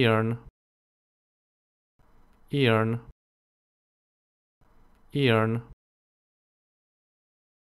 earn earn earn